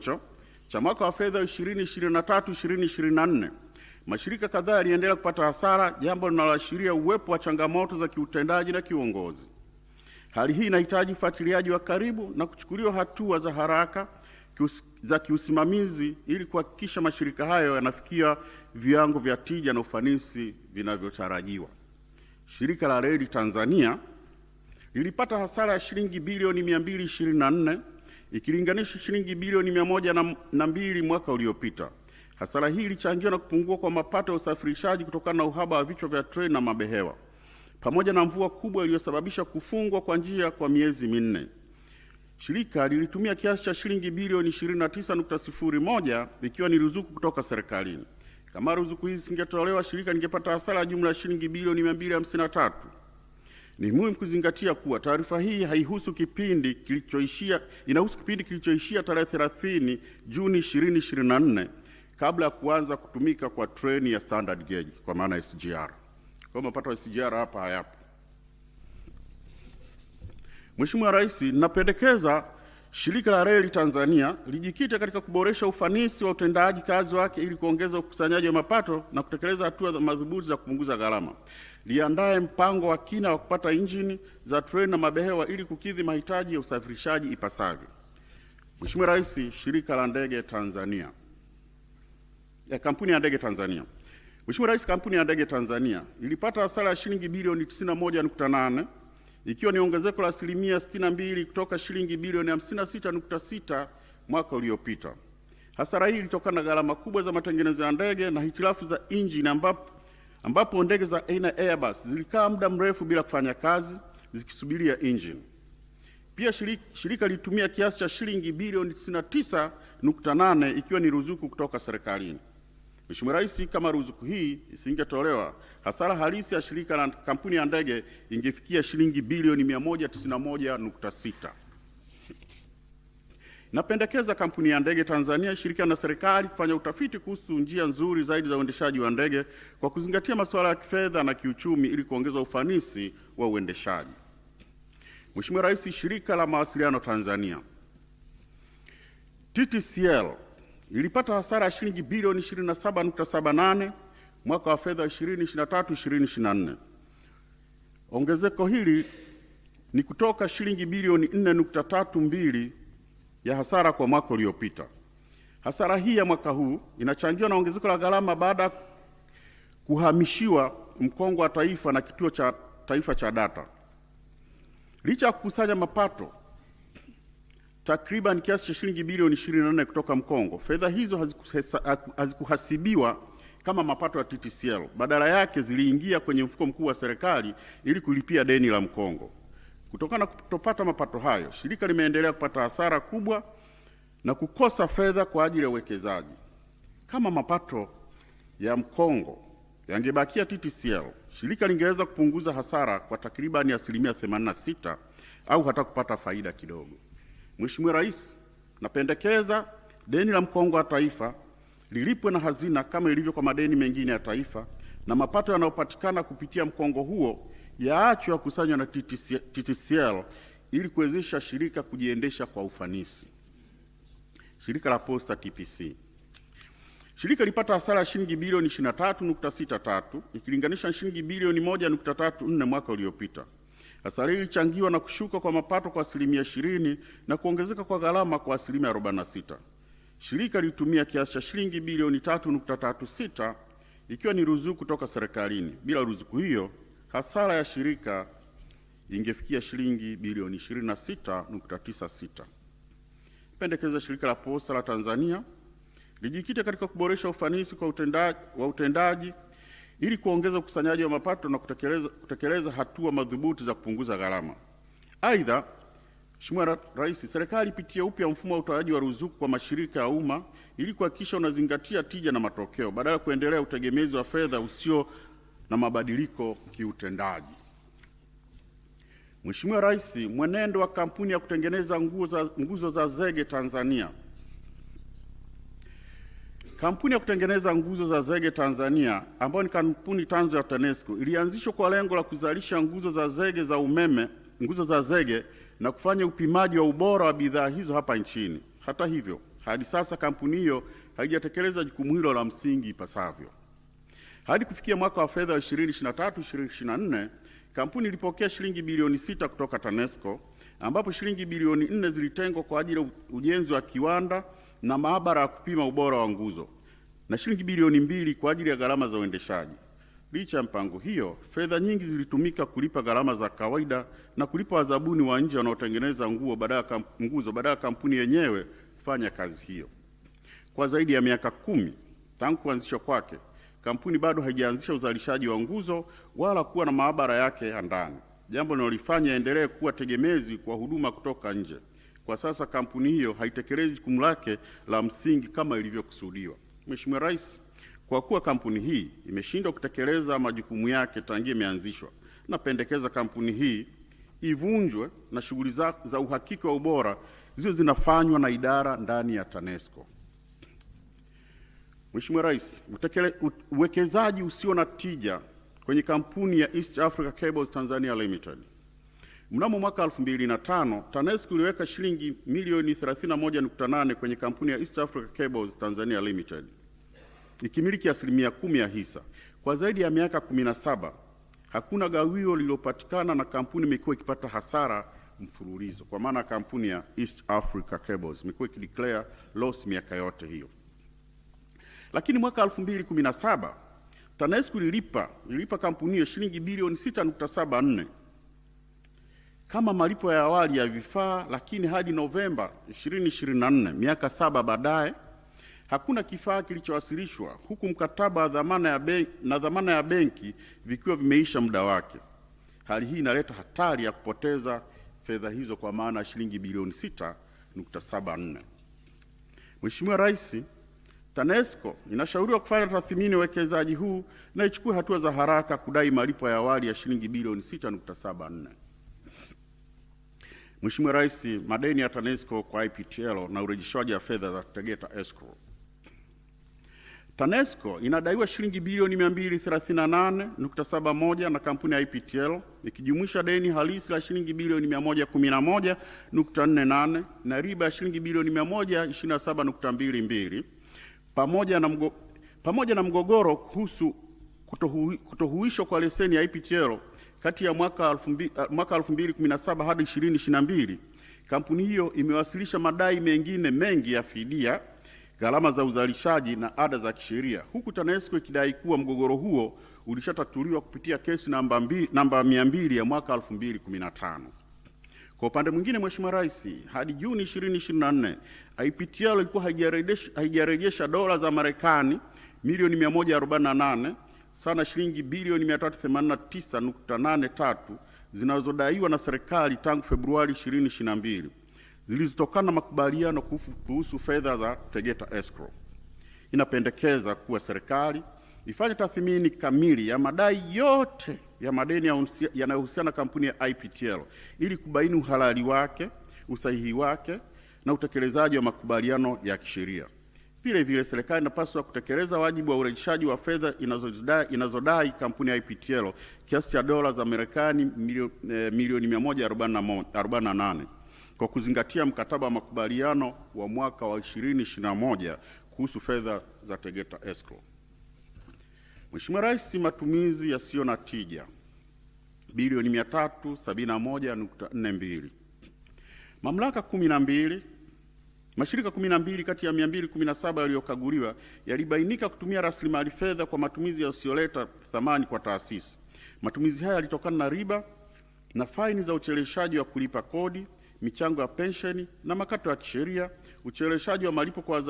cho cha mwaka wa fedha 2023 2024 mashirika kadhaa yaliendelea kupata hasara, jambo linaloashiria uwepo wa changamoto za kiutendaji na kiuongozi. Hali hii inahitaji ufuatiliaji wa karibu na kuchukuliwa hatua za haraka kius, za kiusimamizi ili kuhakikisha mashirika hayo yanafikia viwango vya tija na ufanisi vinavyotarajiwa. Shirika la Reli Tanzania lilipata hasara ya shilingi bilioni 224 ikilinganishwa shilingi bilioni mia moja na, na mbili mwaka uliopita. Hasara hii ilichangiwa na kupungua kwa mapato ya usafirishaji kutokana na uhaba wa vichwa vya treni na mabehewa pamoja na mvua kubwa iliyosababisha kufungwa kwa njia kwa miezi minne. Shirika lilitumia kiasi cha shilingi bilioni 29.01 ikiwa ni ruzuku kutoka serikalini. Kama ruzuku hii zingetolewa, shirika lingepata hasara ya jumla ya shilingi bilioni 253. Ni muhimu kuzingatia kuwa taarifa hii haihusu kipindi kilichoishia, inahusu kipindi kilichoishia tarehe 30 Juni 2024 kabla ya kuanza kutumika kwa treni ya standard gauge kwa maana ya SGR. Kwa mapato ya SGR hapa hayapo. Mheshimiwa Rais, napendekeza Shirika la Reli Tanzania lijikite katika kuboresha ufanisi wa utendaji kazi wake ili kuongeza ukusanyaji wa mapato na kutekeleza hatua za madhubuti za kupunguza gharama. Liandae mpango wa kina wa kupata injini za treni na mabehewa ili kukidhi mahitaji ya usafirishaji ipasavyo. Mheshimiwa Rais, shirika la ndege Tanzania ya kampuni ya ndege Tanzania. Mheshimiwa Rais, kampuni ya ndege Tanzania ilipata hasara ya shilingi bilioni 91.8 ikiwa ni ongezeko la asilimia 62 kutoka shilingi bilioni 56.6 mwaka uliopita. Hasara hii ilitokana na gharama kubwa za matengenezo ya ndege na hitilafu za injini, ambapo, ambapo ndege za aina Airbus zilikaa muda mrefu bila kufanya kazi zikisubiria injini. Pia shirika lilitumia kiasi cha shilingi bilioni 99.8 ikiwa ni ruzuku kutoka serikalini. Mheshimiwa Rais, kama ruzuku hii isingetolewa, hasara halisi ya shirika la kampuni ya ndege ingefikia shilingi bilioni 191.6. Napendekeza kampuni ya ndege Tanzania shirika na serikali kufanya utafiti kuhusu njia nzuri zaidi za uendeshaji wa ndege kwa kuzingatia masuala ya kifedha na kiuchumi ili kuongeza ufanisi wa uendeshaji. Mheshimiwa Rais, shirika la mawasiliano Tanzania TTCL ilipata hasara ya shilingi bilioni 27.78 mwaka wa fedha 2023/2024. Ongezeko hili ni kutoka shilingi bilioni 4.32 ya hasara kwa mwaka uliopita. Hasara hii ya mwaka huu inachangiwa na ongezeko la gharama baada ya kuhamishiwa mkongo wa taifa na kituo cha taifa cha data. Licha ya kukusanya mapato takriban kiasi cha shilingi bilioni 24 kutoka Mkongo. Fedha hizo hazikuhasibiwa kama mapato ya TTCL, badala yake ziliingia kwenye mfuko mkuu wa serikali ili kulipia deni la Mkongo. Kutokana na kutopata mapato hayo, shirika limeendelea kupata hasara kubwa na kukosa fedha kwa ajili ya uwekezaji. Kama mapato ya Mkongo yangebakia TTCL, shirika lingeweza kupunguza hasara kwa takribani asilimia 86 au hata kupata faida kidogo. Mheshimiwa Rais, napendekeza deni la mkongo wa taifa lilipwe na hazina kama ilivyo kwa madeni mengine ya taifa, na mapato yanayopatikana kupitia mkongo huo yaachwe yakusanywa na TTCL ili kuwezesha shirika kujiendesha kwa ufanisi. Shirika la Posta TPC. Shirika lipata hasara ya shilingi bilioni 23.63 ikilinganisha shilingi bilioni 1.34 mwaka uliopita. Hasara hii ilichangiwa na kushuka kwa mapato kwa asilimia 20 na kuongezeka kwa gharama kwa asilimia 46 sita. Shirika lilitumia kiasi cha shilingi bilioni 336 sita ikiwa ni ruzuku kutoka serikalini. Bila ruzuku hiyo, hasara ya shirika ingefikia shilingi bilioni 26.96. Pendekezo la shirika la posta la Tanzania lijikite katika kuboresha ufanisi kwa utendaji, wa utendaji ili kuongeza ukusanyaji wa mapato na kutekeleza, kutekeleza hatua madhubuti za kupunguza gharama. Aidha, Mheshimiwa Rais, serikali ipitie upya mfumo wa utoaji wa ruzuku kwa mashirika ya umma ili kuhakikisha unazingatia tija na matokeo badala ya kuendelea utegemezi wa fedha usio na mabadiliko kiutendaji. Mheshimiwa Rais, mwenendo wa kampuni ya kutengeneza nguzo za, nguzo za zege Tanzania Kampuni ya kutengeneza nguzo za zege Tanzania ambayo ni kampuni tanzo ya TANESCO ilianzishwa kwa lengo la kuzalisha nguzo za zege za umeme, nguzo za zege na kufanya upimaji wa ubora wa bidhaa hizo hapa nchini. Hata hivyo, hadi sasa kampuni hiyo haijatekeleza jukumu hilo la msingi ipasavyo. Hadi kufikia mwaka wa fedha 2023 2024 kampuni ilipokea shilingi bilioni sita kutoka TANESCO ambapo shilingi bilioni nne zilitengwa kwa ajili ya ujenzi wa kiwanda na maabara ya kupima ubora wa nguzo na shilingi bilioni mbili kwa ajili ya gharama za uendeshaji. Licha ya mpango hiyo, fedha nyingi zilitumika kulipa gharama za kawaida na kulipa wazabuni wa nje wanaotengeneza nguo badala ya nguzo badala ya kampuni yenyewe kufanya kazi hiyo. Kwa zaidi ya miaka kumi tangu kuanzishwa kwake, kampuni bado haijaanzisha uzalishaji wa nguzo wala kuwa na maabara yake ya ndani, jambo linalolifanya endelee kuwa tegemezi kwa huduma kutoka nje. Kwa sasa kampuni hiyo haitekelezi jukumu lake la msingi kama ilivyokusudiwa. Mheshimiwa Rais, kwa kuwa kampuni hii imeshindwa kutekeleza majukumu yake tangia imeanzishwa, napendekeza kampuni hii ivunjwe na shughuli za, za uhakiki wa ubora ziwe zinafanywa na idara ndani ya TANESCO. Mheshimiwa Rais, uwekezaji usio na tija kwenye kampuni ya East Africa Cables Tanzania Limited Mnamo mwaka 2005 TANESCO iliweka shilingi milioni 31.8 kwenye kampuni ya East Africa Cables Tanzania Limited ikimiliki asilimia kumi ya hisa. Kwa zaidi ya miaka 17 hakuna gawio lililopatikana na kampuni imekuwa ikipata hasara mfululizo, kwa maana kampuni ya East Africa Cables imekuwa ikideclare loss miaka yote hiyo. Lakini mwaka 2017 TANESCO ililipa ililipa kampuni hiyo shilingi bilioni 6.74 kama malipo ya awali ya vifaa, lakini hadi Novemba 2024, miaka saba baadaye, hakuna kifaa kilichowasilishwa, huku mkataba dhamana ya benki, na dhamana ya benki vikiwa vimeisha muda wake. Hali hii inaleta hatari ya kupoteza fedha hizo kwa maana ya shilingi bilioni 6.74. Mheshimiwa Rais, TANESCO inashauriwa kufanya tathmini ya uwekezaji huu na ichukue hatua za haraka kudai malipo ya awali ya shilingi bilioni 6.74. Mheshimiwa Rais, madeni ya TANESCO kwa IPTL na urejeshaji wa fedha za Tegeta escrow. TANESCO inadaiwa shilingi bilioni 238.71 na kampuni ya IPTL ikijumuisha deni halisi la shilingi bilioni 111.48 na riba ya shilingi bilioni 127.22 pamoja na mgo, pamoja na mgogoro kuhusu kutohuishwa kwa leseni ya IPTL kati ya mwaka 2017 eh, hadi 2022 kampuni hiyo imewasilisha madai mengine mengi ya fidia, gharama za uzalishaji na ada za kisheria, huku TANESCO ikidai kuwa mgogoro huo ulishatatuliwa kupitia kesi namba 200 ya mwaka 2015. Kwa upande mwingine, Mheshimiwa Rais, hadi Juni 2024 IPTL ilikuwa haijarejesha dola za Marekani milioni 148 sana shilingi bilioni 389.83 zinazodaiwa na serikali tangu Februari 2022 zilizotokana na makubaliano kuhusu fedha za Tegeta Escrow. Inapendekeza kuwa serikali ifanye tathmini kamili ya madai yote ya madeni yanayohusiana na kampuni ya IPTL ili kubaini uhalali wake, usahihi wake na utekelezaji wa makubaliano ya kisheria. Vile vile serikali inapaswa kutekeleza wajibu wa urejeshaji wa fedha inazodai, inazodai kampuni ya IPTL kiasi cha dola za Marekani eh, milioni 148 kwa kuzingatia mkataba wa makubaliano wa mwaka wa 2021 kuhusu fedha za Tegeta Escrow. Mheshimiwa Rais, matumizi yasiyo na tija bilioni 371.42. Mamlaka 12 Mashirika 12 kati ya 217 yaliyokaguliwa yalibainika kutumia rasilimali fedha kwa matumizi yasiyoleta thamani kwa taasisi. Matumizi haya yalitokana na riba na faini za ucheleweshaji wa kulipa kodi, michango ya pensheni na makato ya kisheria, ucheleweshaji wa malipo kwa